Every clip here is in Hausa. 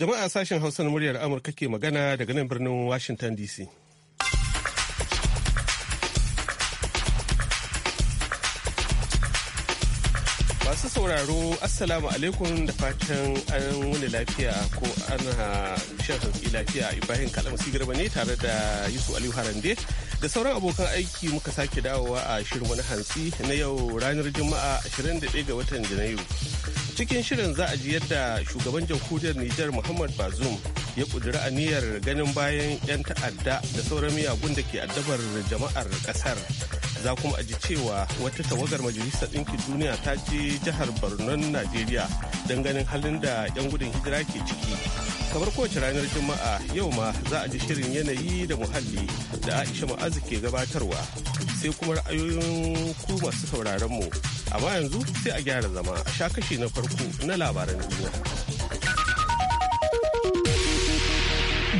Jama'a sashen Hausa na muryar Amurka ke magana daga nan birnin Washington DC. Masu sauraro, Assalamu alaikum da fatan an wani lafiya ko ana shan hantsi lafiya Ibrahim Kalam girma ne tare da Yusuf Aliyu Harande da sauran abokan aiki muka sake dawowa a shirin wani hantsi na yau ranar Juma'a 21 ga watan Janairu. cikin shirin za a ji yadda shugaban jamhuriyar nijar muhammad bazoum ya kudura aniyar ganin bayan 'yan ta'adda da sauran miyagun da ke addabar jama'ar kasar za kuma a ji cewa wata tawagar majalisar ɗinkin duniya ta je jihar barnon najeriya don ganin halin da 'yan gudun hijira ke ciki kamar kowace ranar juma'a yau ma za a ji shirin yanayi da muhalli da aisha ma'azu ke gabatarwa sai kuma ra'ayoyin ku masu sauraron mu amma yanzu sai a gyara zama a sha kashi na farko na labaran duniya.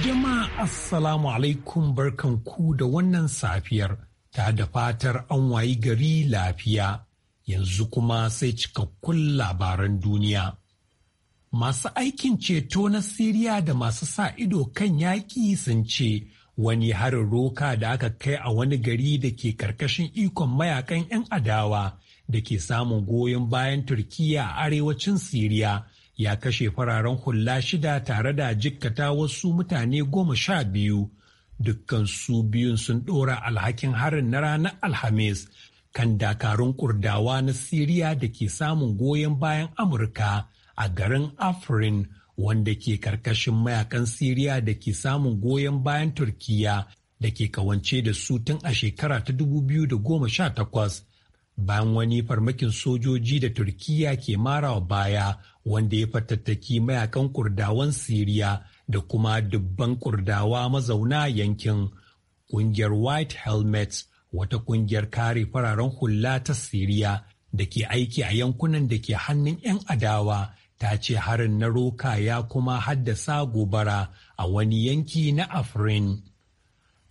Jama'a Assalamu alaikum barkan ku da wannan safiyar ta da fatar an wayi gari lafiya yanzu kuma sai cikakkun labaran duniya. Masu aikin ceto na Siriya da masu sa ido kan yaƙi sun ce wani harin roka da aka kai a wani gari da ke ƙarƙashin ikon mayakan 'yan adawa da ke samun goyon bayan Turkiyya a arewacin Siriya ya kashe fararen hula shida tare da jikkata wasu mutane goma sha biyu. Dukkan su biyun sun ɗora alhakin harin na ranar Alhamis kan dakarun kurdawa na Siriya da ke samun goyon bayan Amurka a garin Afrin wanda ke karkashin mayakan Siriya da ke samun goyon bayan Turkiyya da ke kawance da su tun a shekara ta 2018 bayan wani farmakin sojoji da turkiya ke marawa baya wanda ya fatattaki mayakan kurdawan siriya da kuma dubban kurdawa mazauna yankin ƙungiyar white helmet wata ƙungiyar kare fararen hula ta siriya da ke aiki a yankunan da ke hannun 'yan adawa ta ce harin na roka ya kuma haddasa gobara a wani yanki na afrin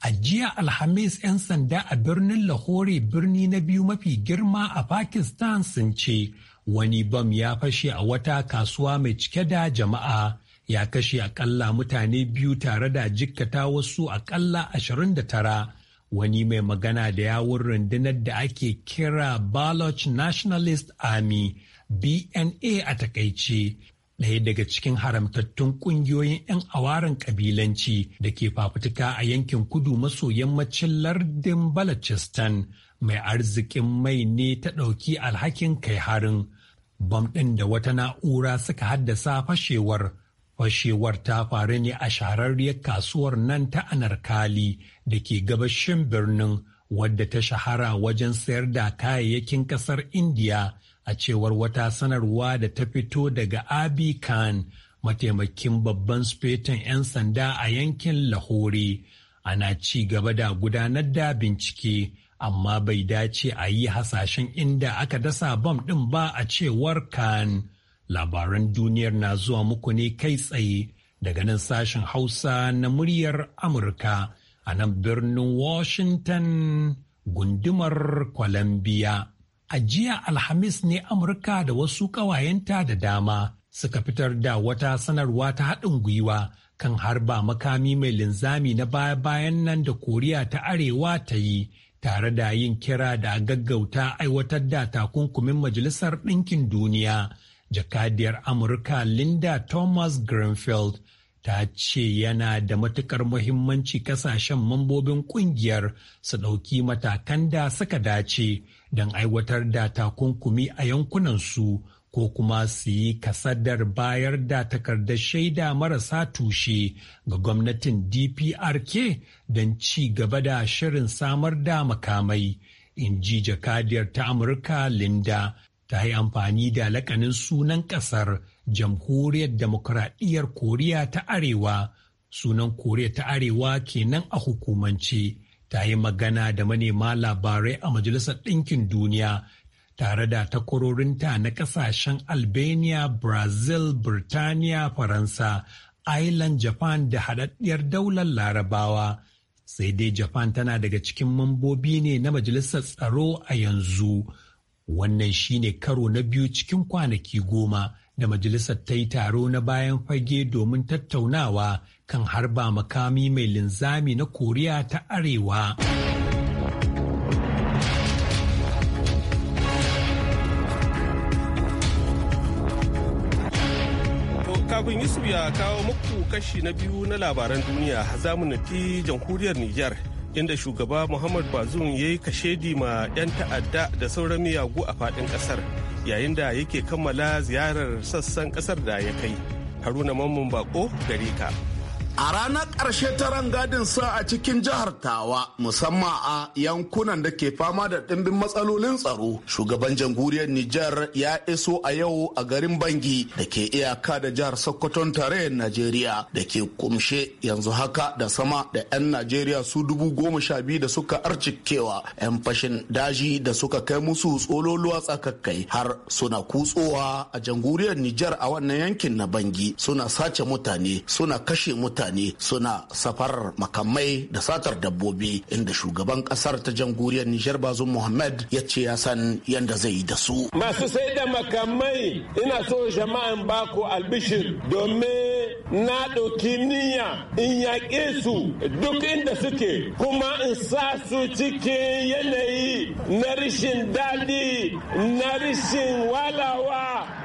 A jiya Alhamis 'yan sanda a birnin Lahore birni na biyu mafi girma a Pakistan sun ce wani bam ya fashe a wata kasuwa mai cike da jama'a ya kashe akalla mutane biyu tare da jikkata wasu akalla tara wani mai magana da yawun rundunar da ake kira Baloch Nationalist Army BNA a takaice ɗaya daga cikin haramtattun ƙungiyoyin 'yan awaran ƙabilanci da ke fafutuka a yankin kudu maso yammacin lardin Balochistan mai arzikin mai ne ta ɗauki alhakin kai harin. Bam ɗin da wata na'ura suka haddasa fashewar. Fashewar ta faru ne a shahararriyar kasuwar nan ta Anarkali da ke gabashin birnin wadda ta shahara wajen sayar da kayayyakin ƙasar Indiya. a cewar wata sanarwa da ta fito daga Abi Khan mataimakin babban sufetan 'yan sanda a yankin Lahore. Ana ci gaba da gudanar da bincike, amma bai dace a yi hasashen inda aka dasa bam ɗin ba a cewar Khan. Labaran duniyar na zuwa muku ne kai tsaye daga nan sashen Hausa na muryar Amurka a nan birnin Washington gundumar Columbia. a jiya Alhamis ne Amurka da wasu ƙawayenta da dama suka fitar da wata sanarwa ta haɗin gwiwa kan harba makami mai linzami na baya-bayan nan da Koriya ta Arewa ta yi tare da yin kira da gaggauta aiwatar da takunkumin Majalisar Ɗinkin Duniya. Jakadiyar Amurka Linda Thomas Greenfield ta ce yana da matukar muhimmanci kasashen mambobin kungiyar su ɗauki matakan da suka dace don aiwatar da takunkumi a yankunansu ko kuma su yi kasadar bayar da takardar shaida marasa tushe ga gwamnatin DPRK don ci gaba da shirin samar da makamai, in ji jakadiyar ta Amurka Linda ta yi amfani da lakanin sunan ƙasar Jamhuriyar Demokuraɗiyyar Koriya ta Arewa, sunan Koriya ta Arewa kenan a hukumance. ta yi magana da manema labarai a Majalisar Ɗinkin Duniya tare da takwarorinta na ƙasashen Albania, Brazil, Birtaniya, Faransa, Ireland, Japan da haɗaɗɗiyar daular Larabawa. Sai dai Japan tana daga cikin mambobi ne na Majalisar Tsaro a yanzu. Wannan shi ne karo na biyu cikin kwanaki goma da Majalisar ta yi taro na bayan fage domin tattaunawa kan harba makami mai linzami na koriya ta arewa kafin yusuf ya kawo muku kashi na biyu na labaran duniya za mu nufi jamhuriyar niger inda shugaba muhammad bazoum ya yi kashedi ma 'yan ta'adda da sauran miyagu a faɗin ƙasar yayin da yake kammala ziyarar sassan ƙasar da ya kai haruna mamman bako gari ka. A ranar ƙarshe ta rangadin sa a cikin jihar Tawa, musamman a yankunan da ke fama da ɗimbin matsalolin tsaro, shugaban jamhuriyar Nijar ya iso a yau a garin Bangi da ke iyaka da jihar Sokoton tarayyar Najeriya da ke kumshe yanzu haka da sama da 'yan Najeriya su dubu goma sha biyu da suka arcikewa 'yan fashin daji da suka kai musu tsololuwa tsakakkai har suna kutsowa a jamhuriyar Nijar a wannan yankin na Bangi suna sace mutane suna kashe mutane mutane suna safarar makamai da satar dabbobi inda shugaban kasar ta jamhuriyar Nijar bazu Muhammad ya ce ya san yadda zai yi da su. Masu sai da makamai ina so jama'an ku albishir domin na ɗauki niyya in yaƙe su duk inda suke kuma in sa su cikin yanayi na rishin daɗi na rishin walawa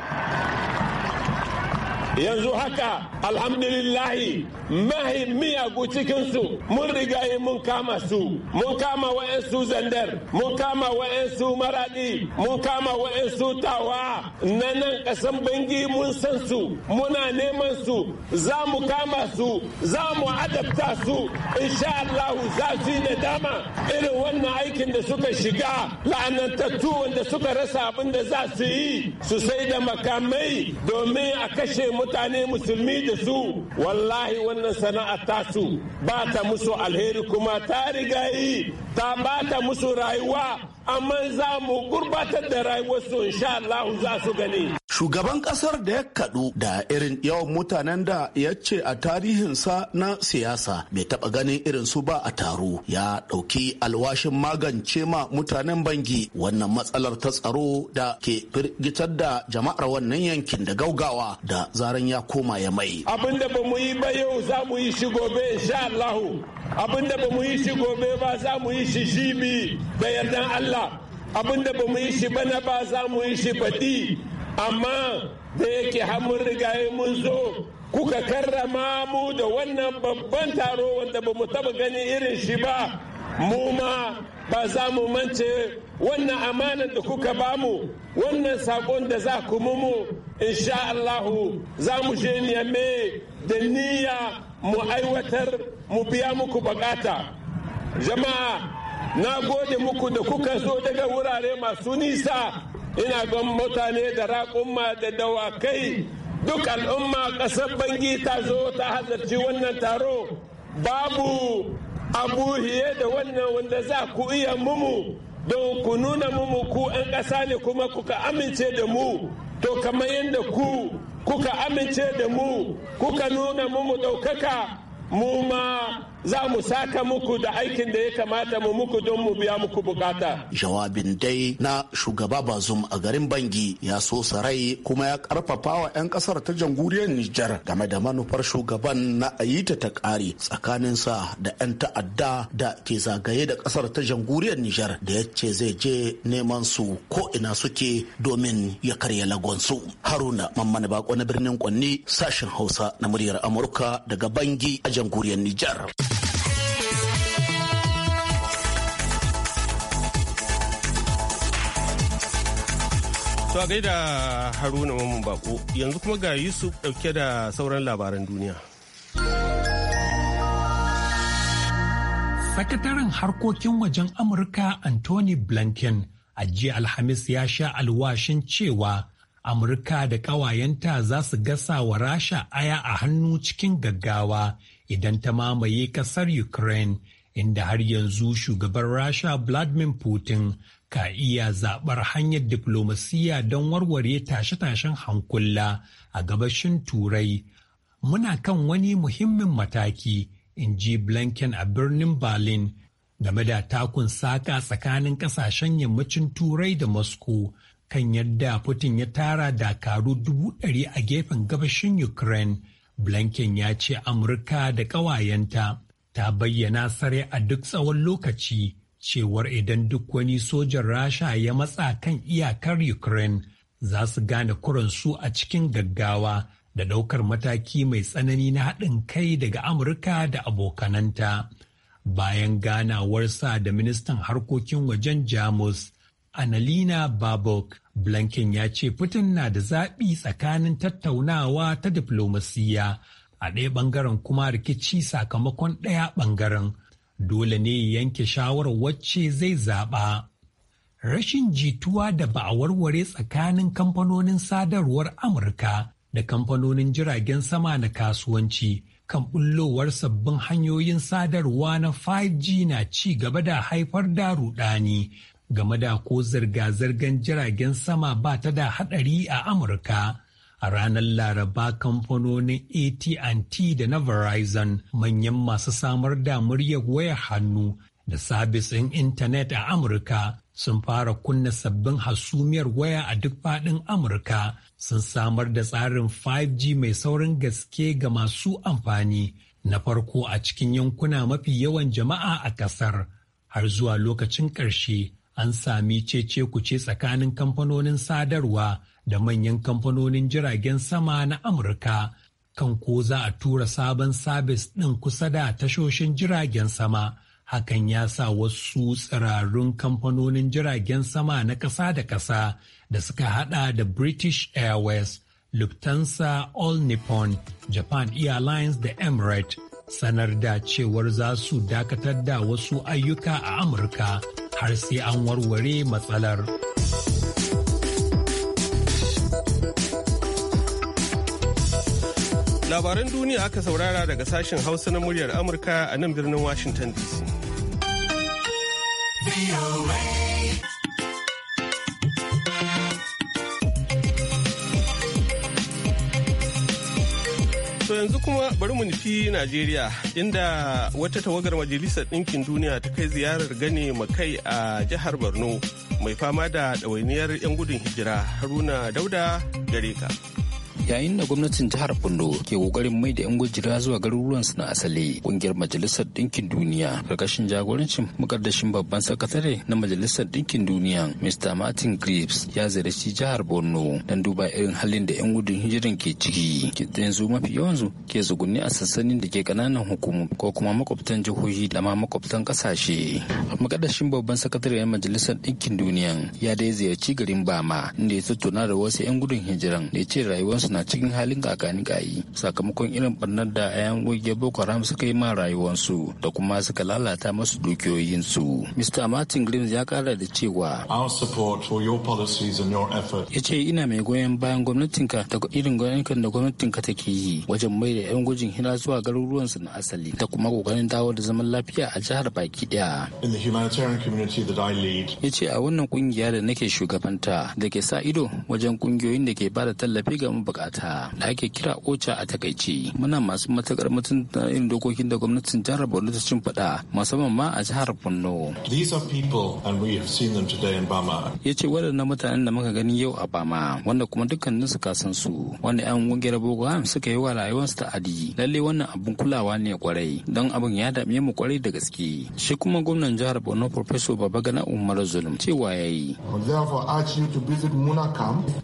yanzu haka alhamdulillahi mahi miyagu cikinsu mun rigaye mun kama su mun kama wa'yansu zandar mun kama wa'yansu maradi mun kama wa'yansu tawa na nan kasan bangi mun san su muna neman su za mu kama su za mu adabta su insha Allah za su yi dama irin wannan aikin da suka shiga la'anantattu wanda suka rasa abin da za su yi su sai da makamai domin a kashe mu mutane musulmi da su wallahi wannan sana'a tasu ba ta musu alheri kuma ta riga yi ta ba ta musu rayuwa amma za mu gurbatar da rayuwarsu insha Allah za su gani shugaban kasar da ya kadu da irin yawan mutanen da ya ce a tarihinsa na siyasa bai taba ganin irin su ba a taro ya dauki alwashin magance ma mutanen bangi wannan matsalar ta tsaro da ke firgitar da jama'ar wannan yankin da gaugawa da zaran ya koma ya mai abin da ba mu yi ba yau za mu yi shi gobe insha Allah abin da ba yi shi gobe ba za mu yi shi jibi da yardan Allah abin da ba mu yi shi bana ba za mu yi shi baɗi amma da yake hamun rigaye mun zo kuka karrama mu da wannan babban taro wanda ba mu taba gani irin shi ba mu ma ba za mu mance wannan amanar da kuka bamu wannan sakon da za ku mumu insha Allahu za mu je neme da niyya mu aiwatar mu biya muku bukata jama'a na gode muku da kuka zo daga wurare masu nisa ina gan mutane da raƙumma da dawakai duk al'umma ƙasar bangi ta zo ta hazarci wannan taro babu abu hiye da wannan wanda za ku iya mumu don ku nuna mumu ku 'yan ƙasa ne kuma kuka amince da mu to kamar yadda ku kuka amince da mu kuka nuna mumu ɗaukaka mu ma za mu saka muku da aikin da ya kamata mu muku don mu biya muku bukata. Jawabin dai na shugaba Bazum a garin Bangi ya so sarai kuma ya karfafa wa 'yan kasar ta jamhuriyar Nijar game da manufar shugaban na ayita ta kare tsakaninsa da 'yan ta'adda da ke zagaye da kasar ta jamhuriyar Nijar da ya ce zai je neman su ko ina suke domin ya karya lagonsu. Haruna Mamman Bako na birnin Kwanni sashen Hausa na muryar Amurka daga Bangi a jamhuriyar Nijar. To a gaida Haruna mamun Bako yanzu kuma ga Yusuf dauke da sauran labaran duniya. Sakataren harkokin wajen Amurka Anthony Blinken a jiya Alhamis ya sha alwashin cewa Amurka da ƙawayenta za su gasa wa Rasha aya a hannu cikin gaggawa idan ta mamaye ƙasar Ukraine, inda har yanzu shugaban Rasha Vladimir Putin ka iya zaɓar hanyar diflomasiyya don warware tashe-tashen hankula a gabashin turai muna kan wani muhimmin mataki in ji Blanken a birnin berlin game da takun saka tsakanin ƙasashen yammacin turai da moscow kan yadda putin ya tara dakaru dubu ɗari a gefen gabashin ukraine Blanken ya ce amurka da ƙawayenta ta bayyana sare a duk tsawon lokaci cewar idan duk wani sojan rasha ya matsa kan iyakar ukraine za su gane kuransu a cikin gaggawa da ɗaukar mataki mai tsanani na haɗin kai daga amurka da abokananta bayan ganawar sa da ministan harkokin wajen jamus Annalina Babok Blanken ya ce Putin na da zaɓi tsakanin tattaunawa ta diflomasiyya a ɗaya ɓangaren kuma rikici sakamakon ɗaya ɓangaren dole ne yanke shawarar wacce zai zaɓa. Rashin jituwa da ba a warware tsakanin kamfanonin sadarwar Amurka da kamfanonin jiragen sama na kasuwanci kan bullowar sabbin hanyoyin sadarwa na 5G na ci gaba da haifar da rudani game da ko zirga-zirgar jiragen sama ba ta da haɗari a Amurka. A ranar Laraba kamfanonin AT&T da na Verizon manyan masu samar da muryar waya hannu da sabis ɗin intanet a Amurka sun fara kunna sabbin hasumiyar waya a duk faɗin Amurka sun samar da tsarin 5G mai saurin gaske ga masu amfani na farko a cikin yankuna mafi yawan jama'a a ƙasar har zuwa lokacin ƙarshe an sami cece kuce tsakanin kamfanonin sadarwa da manyan kamfanonin jiragen sama na Amurka kan ko za a tura sabon sabis ɗin kusa da tashoshin jiragen sama. Hakan ya sa wasu tsirarun kamfanonin jiragen sama na ƙasa da ƙasa da suka haɗa da British Airways, Lufthansa, All Nippon, Japan Airlines da Emirates sanar da cewar za su dakatar da wasu ayyuka a Amurka. har sai an warware matsalar. Labaran duniya aka saurara daga sashen Hausa na muryar Amurka a nan birnin Washington DC. yanzu kuma bari mu nufi Najeriya inda wata tawagar Majalisar Ɗinkin Duniya ta kai ziyarar gane makai a jihar Borno mai fama da ɗawainiyar 'yan gudun hijira Haruna Dauda gare ka. yayin da gwamnatin jihar bondo ke kokarin mai da 'yan gujira zuwa garuruwansu na asali kungiyar majalisar ɗinkin duniya karkashin jagorancin mukaddashin babban sakatare na majalisar ɗinkin duniya Mr. Martin Grips ya ziyarci jihar Borno don duba irin halin da 'yan gudun hijiran ke ciki yanzu mafi yawansu ke zugunni a sansanin da ke kananan hukumu ko kuma makwabtan jihohi da ma makwabtan kasashe mukaddashin babban sakatare na majalisar ɗinkin duniya ya dai ziyarci garin Bama inda ya tattauna da wasu 'yan gudun hijiran da ya ce rayuwarsu na cikin halin kakani kayi sakamakon irin barnar da 'ya'yan goge boko haram suka yi ma rayuwarsu da kuma suka lalata masu dukiyoyinsu mr martin grims ya kara da cewa ya ce ina mai goyon bayan gwamnatinka da irin gwamnatin da gwamnatinka take yi wajen mai da 'yan gujin hira zuwa garuruwansu na asali da kuma kokarin dawo da zaman lafiya a jihar baki daya ya ce a wannan kungiya da nake shugabanta da ke sa ido wajen kungiyoyin da ke bada tallafi ga mabukata bukata da ake kira oca a takaice muna masu matakar da irin dokokin da gwamnatin jihar borno ta cin fada musamman ma a jihar borno ya ce waɗannan mutanen da muka gani yau a bama wanda kuma dukkanin su kasan su wanda yan gungiyar boko haram suka yi wa rayuwarsu ta'adi lalle wannan abin kulawa ne kwarai don abin ya dame mu kwarai da gaske shi kuma gwamnan jihar borno professor babagana umar zulum cewa ya yi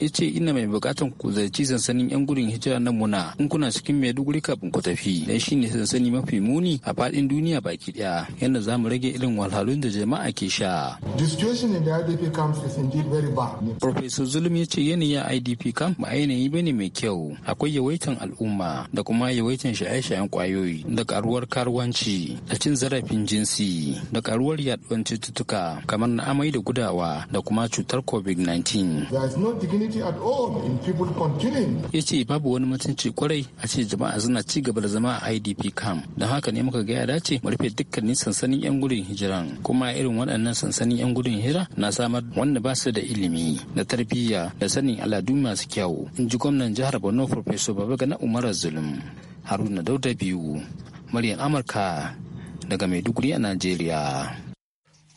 ya ce ina mai bukatan ku cizon sansanin 'yan gudun hijira na Muna in kuna cikin Maiduguri kafin ku tafi dan ne sansani mafi muni a faɗin duniya baki ɗaya yadda za mu rage irin walhalun da jama'a ke sha. The situation in the IDP camps is indeed very bad. Professor Zulum ya ce yanayi a IDP camp ba yanayi ba ne mai kyau akwai yawaitan al'umma da kuma yawaitan shaye-shayen kwayoyi da karuwar karuwanci da cin zarafin jinsi da karuwar yaduwar cututtuka kamar na amai da gudawa da kuma cutar covid-19. There is no dignity at all in people continuing ya ce babu wani mutunci kwarai a ce jama'a suna ci gaba da zama a idp camp don haka ne muka gaya ya dace mu rufe dukkanin sansanin yan gudun hijiran kuma irin waɗannan sansanin yan gudun hira na samar wanda ba su da ilimi da tarbiyya da sanin al'adu masu kyau in ji gwamnan jihar borno professor babagana umar zulum haruna dauda biyu Maryam amurka daga maiduguri a najeriya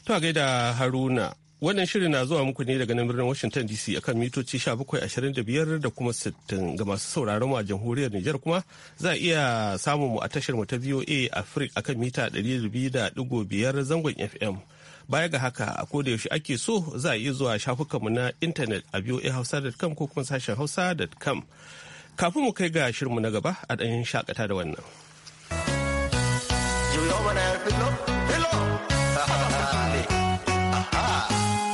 to a gaida haruna Wannan shirin na zuwa muku ne daga birnin Washington DC akan mitoci 1725 da kuma 60 ga masu sauraron mu a jamhuriyar Nijar kuma za a iya samun mu a tashar mu ta VOA Africa akan mita 200.5 zangon FM. Baya ga haka a koda yaushe ake so za a iya zuwa shafukanmu na intanet a voahausa.com ko kuma sashen hausa.com. Kafin mu kai ga shirinmu na gaba a ɗan shakata da wannan. Aha.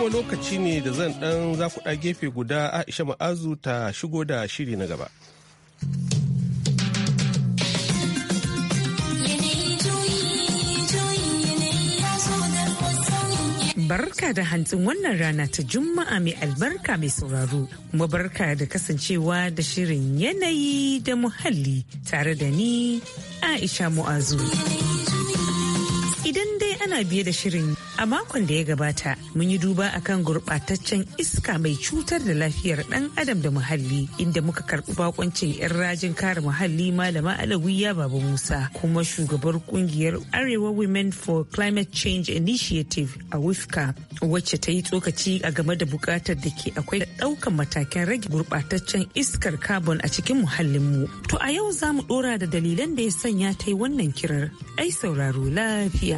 kuma lokaci ne da zan ɗan zakuɗa gefe guda Aisha Ma'azu ta shigo da shiri na gaba. barka da hantsin wannan rana ta juma'a mai albarka mai sauraro kuma barka da kasancewa da shirin yanayi da muhalli tare da ni aisha mu'azu idan dai ana biye da shirin a makon da ya gabata mun yi duba akan gurɓataccen iska mai cutar da lafiyar ɗan adam da muhalli inda muka karɓi bakoncin 'yan rajin kare muhalli malama alawiya baba musa kuma shugabar ƙungiyar arewa women for climate change initiative a wifka wacce ta yi tsokaci a game da buƙatar da ke akwai da ɗaukan matakan rage gurɓataccen iskar carbon a cikin muhallinmu to a yau za mu ɗora da dalilan da ya sanya ta yi wannan kirar ai sauraro lafiya.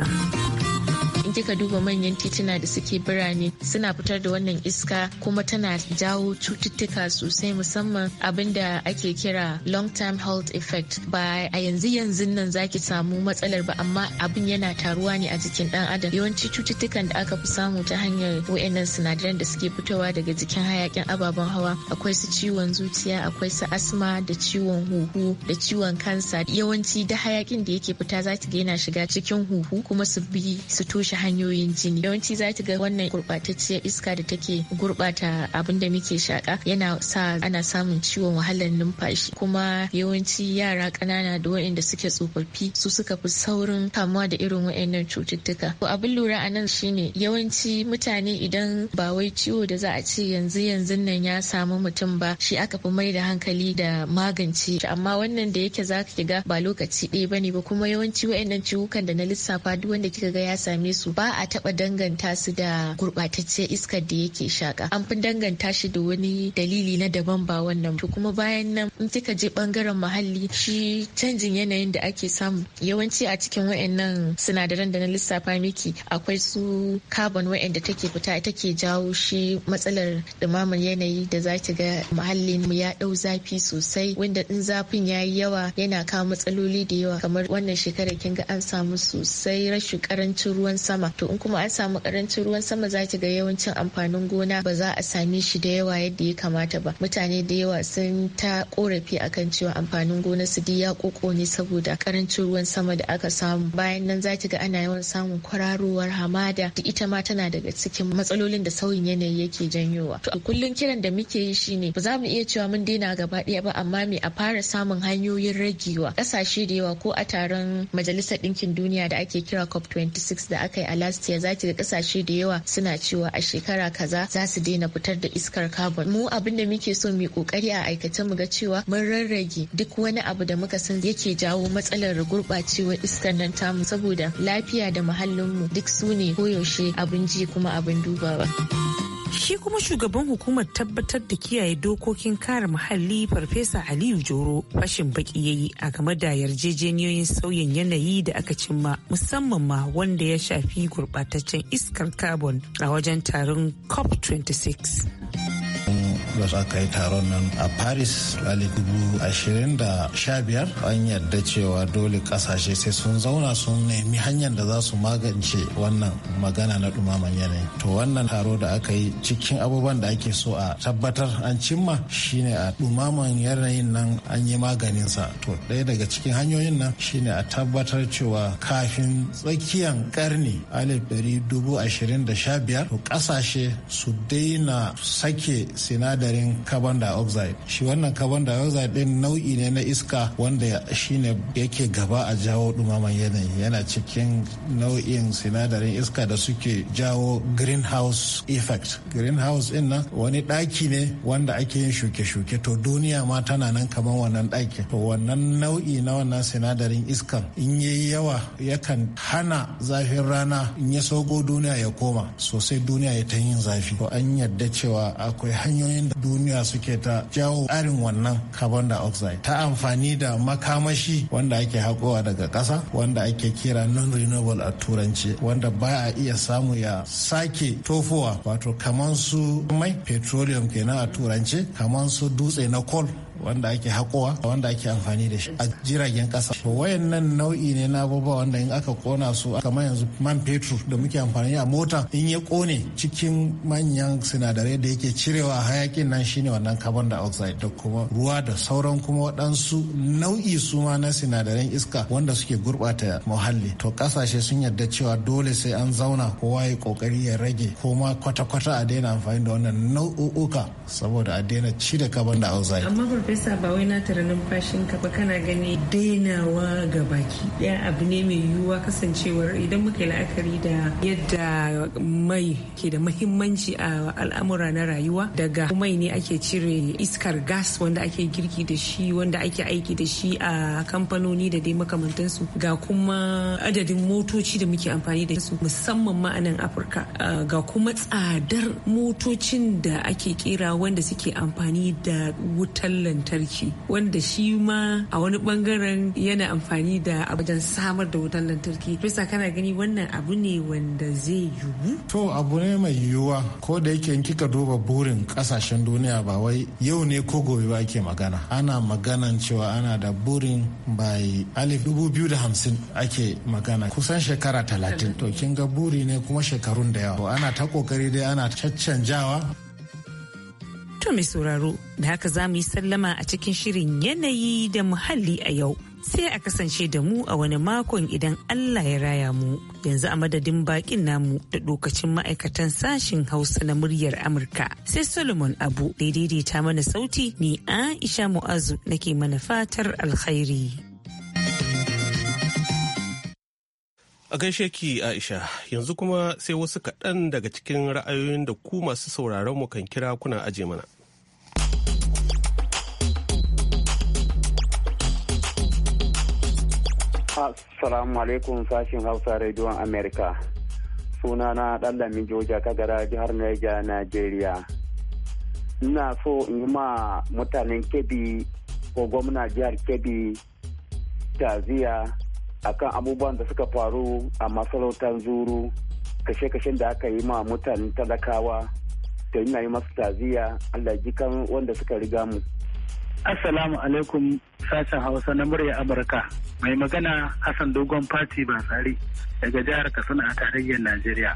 kika duba manyan tituna da suke birane suna fitar da wannan iska kuma tana jawo cututtuka sosai musamman abin da ake kira long term health effect ba a yanzu yanzu nan zaki samu matsalar ba amma abin yana taruwa ne a jikin dan adam yawanci cututtukan da aka fi samu ta hanyar wayannan sinadaran da suke fitowa daga jikin hayakin ababen hawa akwai su ciwon zuciya akwai su asma da ciwon huhu da ciwon kansa yawanci da hayakin da yake fita zaki ga yana shiga cikin huhu kuma su bi su toshe hanyoyin jini yawanci za ta ga wannan gurɓatacciyar iska da take gurɓata abin da muke shaka yana sa ana samun ciwon wahalar numfashi kuma yawanci yara ƙanana da waɗanda suke tsofaffi su suka fi saurin kamuwa da irin waɗannan cututtuka to abin lura a nan shine yawanci mutane idan ba wai ciwo da za a ce yanzu yanzu nan ya samu mutum ba shi aka fi mai da hankali da magance shi amma wannan da yake za ka ga ba lokaci ɗaya bane ba kuma yawanci waɗannan ciwukan da na lissafa duk wanda kika ga ya same su ba a taba danganta su da gurbatacciyar iskar da yake shaka an fi danganta shi da wani dalili na daban ba wannan to kuma bayan nan in kika je bangaren muhalli shi canjin yanayin da ake samu yawanci a cikin wayannan sinadaran da na lissafa miki akwai su carbon wayanda take fita take jawo shi matsalar dumamar yanayi da za ki ga muhallin mu ya dau zafi sosai wanda in zafin ya yi yawa yana kawo matsaloli da yawa kamar wannan shekarar kin ga an samu sosai rashin karancin ruwan sama sama to in kuma an samu karancin ruwan sama za ki ga yawancin amfanin gona ba za a same shi da yawa yadda ya kamata ba mutane da yawa sun ta korafi akan cewa amfanin gona su ya koko ne saboda karancin ruwan sama da aka samu bayan nan za ki ga ana yawan samun kwararowar hamada da ita ma tana daga cikin matsalolin da sauyin yanayi yake janyowa to kullum kiran da muke yi shine ba za mu iya cewa mun daina gaba ɗaya ba amma me a fara samun hanyoyin ragewa ƙasashe da yawa ko a taron majalisar ɗinkin duniya da ake kira cop 26 da aka yi a za ga kasashe da yawa suna cewa a shekara kaza za su daina fitar da iskar carbon mu abin da muke so mu kokari a aikace mu ga cewa mun rarrage duk wani abu da muka san yake jawo matsalar gurɓacewar iskar nan tamu saboda lafiya da muhallin mu duk su ne koyaushe abin ji kuma abin dubawa. Shi kuma shugaban hukumar tabbatar da kiyaye dokokin kare muhalli Farfesa Aliyu Joro fashin baki yayi a game da yarjejeniyoyin sauyin yanayi da aka cimma musamman ma wanda ya shafi gurbataccen iskar carbon a wajen taron COP 26. Jos aka yi taron nan a Paris lali dubu ashirin da sha biyar an yadda cewa dole kasashe sai sun zauna sun nemi hanyar da za su magance wannan magana na dumaman yanayi. To wannan taro da aka yi cikin abubuwan da ake so a tabbatar an cimma shine a dumaman yanayin nan an yi maganin sa. To ɗaya daga cikin hanyoyin nan shine a tabbatar cewa kafin tsakiyan karni alif ɗari dubu ashirin da sha biyar to kasashe su daina sake sinadar sinadarin carbon dioxide shi wannan carbon dioxide din nau'i ne na iska wanda shine yake gaba a jawo dumaman yanayi yana cikin nau'in sinadarin iska da suke jawo greenhouse effect greenhouse din nan wani ɗaki ne wanda ake yin shuke-shuke to duniya ma tana nan kamar wannan ɗaki to wannan nau'i na wannan sinadarin iska in yayi yawa yakan hana zafin rana in ya sauko duniya ya koma sosai duniya ya ta yin zafi ko an yadda cewa akwai hanyoyin duniya suke ta jawo ƙarin wannan carbon dioxide ta amfani da makamashi wanda ake haƙowa daga ƙasa wanda ake kira non-renewable a turanci wanda ba a iya samu ya sake tofowa wato kamar su mai petroleum kenan a turanci kamar su dutse na coal wanda ake hakowa wanda ake amfani da shi a jiragen kasa wayannan nau'i ne na abubuwa wanda in aka kona su kamar yanzu man fetur da muke amfani a mota in ya kone cikin manyan sinadarai da yake cirewa hayakin nan shine wannan carbon dioxide da kuma ruwa da sauran kuma waɗansu nau'i su ma na sinadaran iska wanda suke gurɓata muhalli to kasashe sun yarda cewa dole sai an zauna kowa ya kokari ya rage ko ma kwata-kwata a daina amfani da wannan nau'uka saboda a daina cire da carbon dioxide farfesa ba wai na tara numfashinka ba kana gani dainawa ga baki ɗaya abu ne mai yiwuwa kasancewar idan muka yi la'akari da yadda mai ke da mahimmanci a al'amura na rayuwa daga mai ne ake cire iskar gas wanda ake girki da shi wanda ake aiki da shi a kamfanoni da dai makamantansu ga kuma adadin motoci da muke amfani da su musamman ma a afirka ga kuma tsadar motocin da ake kera wanda suke amfani da wutar lantarki lantarki wanda shi ma a wani bangaren yana amfani da wajen samar da wutar lantarki bisa kana gani wannan abu ne wanda zai yiwu to abu ne mai yiwuwa ko da yake in kika duba burin kasashen duniya ba wai yau ne ko gobe ba ake magana ana maganan cewa ana da burin bai alif dubu biyu da hamsin ake magana kusan shekara talatin to kin ga buri ne kuma shekarun da yawa ana ta kokari dai ana caccanjawa To mai sauraro, da haka za mu yi sallama a cikin shirin yanayi da muhalli a yau. Sai a kasance da mu a wani makon idan Allah ya raya mu. Yanzu a madadin bakin namu da lokacin ma'aikatan sashin Hausa na muryar Amurka. Sai Solomon Abu daidaita mana sauti ni Aisha Mu'azu nake mana fatar alkhairi. A gaishe ki Aisha, yanzu kuma sai wasu kaɗan daga cikin ra'ayoyin da ku masu sauraron mu kan kira kuna aje mana. Assalamu alaikum sashin Hausa Rediyon america Suna na ɗan lamin Joja Kagara jihar Niger, Najeriya. Ina so in yi ma mutanen Kebbi ko gwamna jihar Kebbi taziya akan abubuwan da suka faru a masarautar zuru kashe-kashen da aka yi ma mutane talakawa da yana yi masu taziya allah jikan wanda suka riga mu assalamu alaikum sashen hausa na murya amurka mai magana hassan dogon fati ba daga jihar katsina a tarayyar najeriya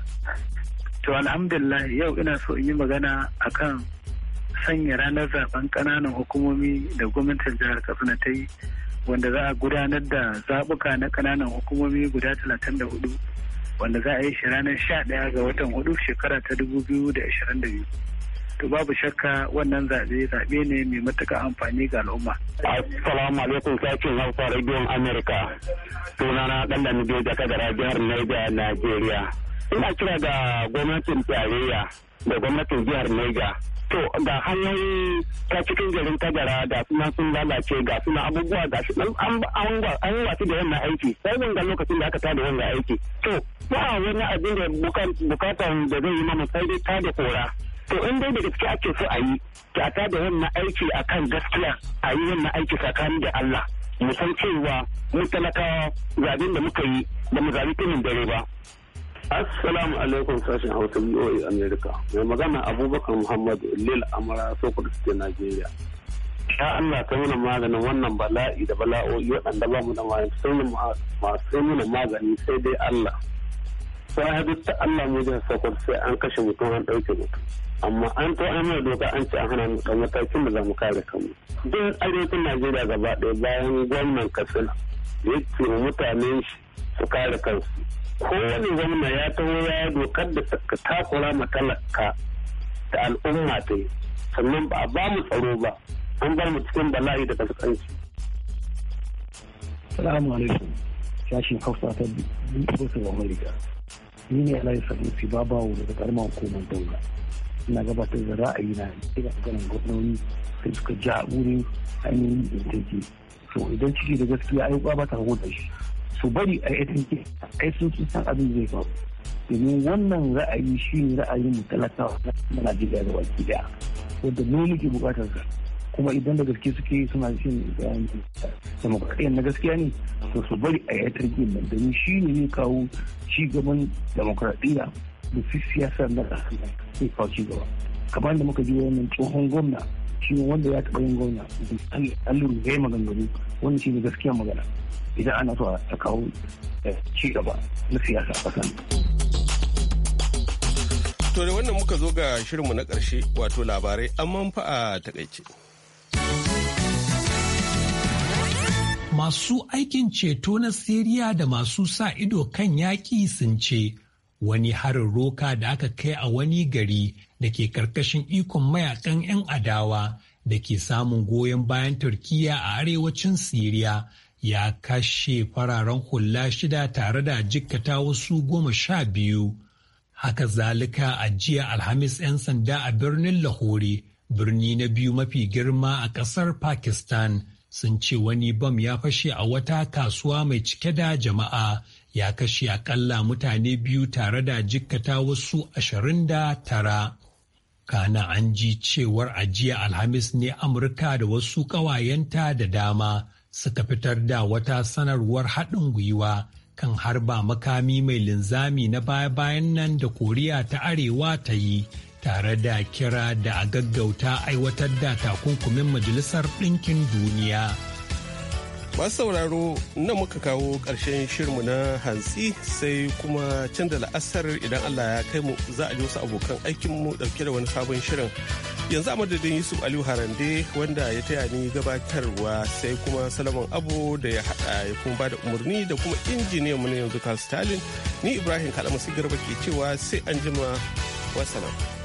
to alhamdulillah yau ina so in yi magana akan sanya ranar zaben kananan hukumomi da gwamnatin jihar katsina ta yi wanda za a gudanar da zabuka na kananan hukumomi guda 34 wanda za a yi shi ranar 11 ga watan hudu shekara ta 2022 to babu shakka wannan zaɓe zaɓe ne mai matuƙa amfani ga al'umma. Assalamu alaikum sakin hausa rediyon Amerika. Sunana Ɗanɗan Joja Kagara jihar Niger, nigeria Ina kira ga gwamnatin tarayya da gwamnatin jihar Niger to ga hanyoyi ta cikin garin tagara ga suna sun lalace ga suna abubuwa ga shi an an wasu da wannan aiki sai zan ga lokacin da aka tada wannan aiki to ba wani abin da bukatan da zai yi mana sai dai tada kora to in dai da gaske ake so a yi ta tada wannan aiki akan gaskiya a yi wannan aiki tsakanin da Allah mu san cewa mu talakawa zabin da muka yi da mu zabi kunin dare ba Assalamu alaikum sashen Hausa BOA America. Mai magana Abubakar Muhammad Lil Amara Sokoto State Nigeria. Ya Allah ta mana maganin wannan bala'i da bala'o'i waɗanda ba mu da masu mana magani sai dai Allah. Sai hadu ta Allah mu jin Sokoto sai an kashe mutum an ɗauke mutum. Amma an to an mai doka an ce an hana mu ɗan matakin da za mu kare kanmu. Duk arewacin Najeriya gaba ɗaya bayan gwamnan Katsina ya wa mutane su kare kansu. kowane gwamna ya taho ya dokar da ta takura ma talaka da al'umma ta yi sannan ba a ba mu tsaro ba an bar mu cikin bala'i da kaskanci. Salamu alaikum sashen hausa ta biyu Amurka. Ni ne Alayi ba Babawo daga karamar ko Daula. Ina gabatar da ra'ayi na ina ganin gwamnoni sai suka ja a wurin ainihin intake. To idan ciki da gaskiya ayyuka ba ta da shi. su bari a yi ai sun san abin zai faru domin wannan ra'ayi shi ne ra'ayin mu talakawa na Najeriya da waki daya wanda ne muke bukatar sa kuma idan da gaske suke suna cin demokradiyyar na gaskiya ne to su bari a yi tarki nan domin shi ne ne kawo ci gaban demokradiyya da su siyasar na ƙasa zai kawo ci gaba kamar da muka ji wannan tsohon gwamna shi ne wanda ya taɓa yin gwamna an lura zai maganganu wannan shi ne gaskiya magana idan ana so a kawo eh, ci gaba na siyasa a ƙasar. To da wannan muka zo ga shirinmu na ƙarshe wato labarai amma manfa a takaice. Masu aikin ceto na Siriya da masu sa ido kan yaƙi sun ce wani harin roka da aka kai a wani gari da ke ƙarƙashin ikon mayakan 'yan adawa da ke samun goyon bayan Turkiyya a arewacin Siriya ya kashe fararen hula shida tare da jikkata wasu goma sha biyu. Haka zalika a jiya Alhamis 'yan sanda a birnin Lahore, birni na biyu mafi girma a ƙasar Pakistan, sun ce wani bam ya fashe a wata kasuwa mai cike da jama'a ya kashe akalla mutane biyu tare da jikkata wasu ashirin da tara. Kana an ji cewar a jiya Alhamis ne Amurka da wasu ƙawayenta da dama. suka fitar da wata sanarwar haɗin gwiwa kan harba makami mai linzami na baya-bayan nan da koriya ta arewa ta yi tare da kira da a gaggauta aiwatar da takunkumin majalisar ɗinkin duniya. masu sauraro na muka kawo ƙarshen shirmu na hantsi sai kuma can da la'asar idan allah ya kai mu za a ji wasu abokan aikinmu ɗauke da wani sabon shirin yanzu a madadin yusuf aliyu harande wanda ya taya ni gabatarwa sai kuma salaman abu da ya haɗa ya kuma bada umarni da kuma injiniyan mu na yanzu kan stalin ni ibrahim kalamasi garba ke cewa sai an jima wasalam.